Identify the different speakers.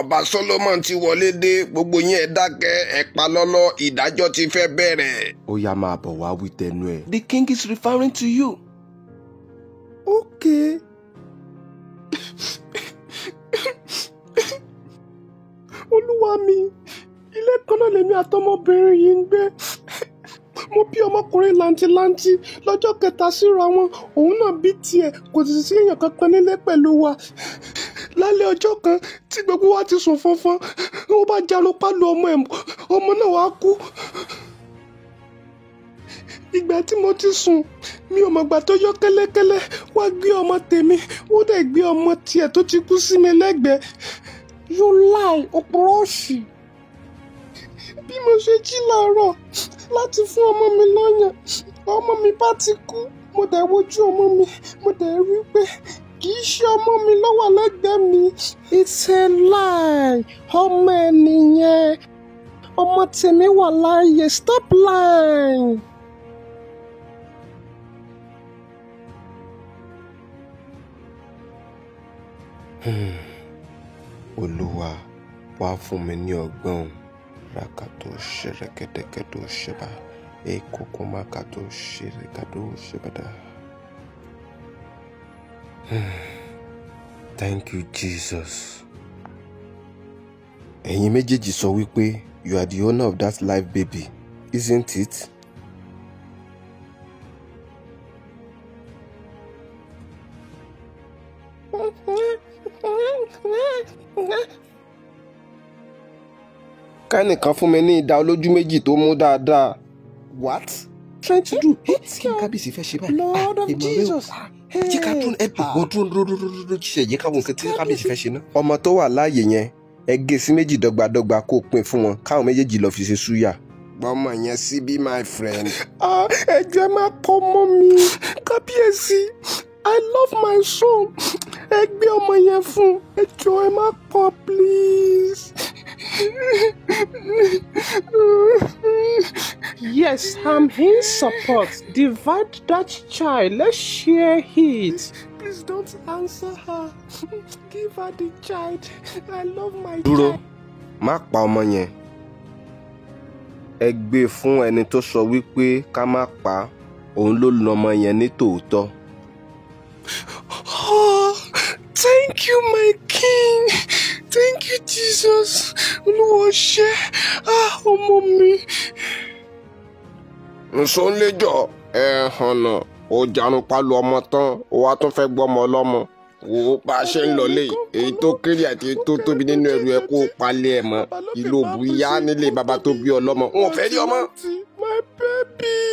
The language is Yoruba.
Speaker 1: ọba Solomon ti wọlé dé gbogbo yín dákẹ́ ẹ lọ́lọ́ ìdájọ́ ti fẹ́ bẹ̀rẹ̀. ó yá máa bọ̀ wá wí tẹnu ẹ. the king is referring to you. okay.
Speaker 2: olúwa mi ilé kan náà lèmi àtọmọbìnrin yìí ń gbé mo bí ọmọkùnrin làǹtìlanti lọ́jọ́ kẹta síra wọn òun náà bí tiẹ̀ kò sì sí èèyàn kankan nílé pẹ̀lú wa lálẹ́ ọjọ́ kan tí gbogbo wa ti sùn fọnfọn ó bá jalopá lu ọmọ ẹ̀ ọmọ náà wàá kú ìgbà tí mo ti sùn mi ò mọ̀gbà tó yọ kẹ́lẹ́kẹ́lẹ́ wá gbé ọmọ tèmi ó dẹ̀ gbé ọmọ tiẹ̀ tó ti kú sí mi lẹ́gbẹ̀ẹ́. you lie òpùrọ́ òṣì. bí mo ṣe jí làárọ̀ láti fún ọmọ mi lọ́yàn ọmọ mi bá ti kú mo dẹ̀ wojú ọmọ mi mo dẹ̀ rí pé kì í ṣe ọmọ mi ló wà lẹ́gbẹ̀ẹ́ mi it's a lie ọmọ ẹ nìyẹn ọmọ tèmi wà láàyè stop lying.
Speaker 1: Hmm. olúwa wá fún mi ní ọgbọ́n rakato ṣẹrẹkẹtẹkẹtò ṣẹba èkókó makato ṣẹrẹkàdó ṣẹbàdà. Thank you, Jesus. Ẹ̀yin méjèèjì sọ wípé you are the owner of that life, baby, isn't it? kẹ́nìkan fún mi ní ìdá olójú méjì tó mú dáadáa. What? Trying to do. Eh, kí ni kábíyèsí fẹ́ ṣe báyìí? Lord ah, of Jesus. Ah jẹ́ ká tún ẹ dùgbò ah. dúró dúró dúró dúró káwọn nǹkan tí kábíyèsí fẹ́ ṣe ná. ọmọ tó wà láàyè yẹn ẹ sí méjì dọ́gbadọ́gba kó pín fún wọn káwọn méjèèjì lọ fi ṣe súyà. gbọ́mọ yẹn sí bí my friend. Ah, ẹ̀jẹ̀ máa kọ́ mọ́ mi kábíyèsí
Speaker 2: i love my son ẹ ọmọ yẹn fún ẹ ẹ má pọ̀ please. Yes, I'm in support. Divide that child. Let's share it. Please, don't answer her. Give her the child. I
Speaker 1: love my child. Duro, má pa ọmọ yẹn. Ẹ gbé e fún ẹni tó sọ wípé ká má pa á. Òun ló lu ọmọ yẹn ní
Speaker 2: Oh, thank you my king. Thank you Jesus. Olúwa Ah, ọmọ mi
Speaker 1: nsọ́nlẹ́jọ́ ẹ̀ hànà ó jarun palu ọmọ tán ó wá tún fẹ́ gbọ́mọ ọlọ́mọ wò bá a ṣe ń lọ lé èyí tó kéré àti èyí tó tóbi nínú ẹrù ẹ kó palẹ̀ ẹ̀ mọ́ ìlú òbú yá nílé bàbá tó bí ọlọ́mọ wọn ò rí ọmọ. my baby.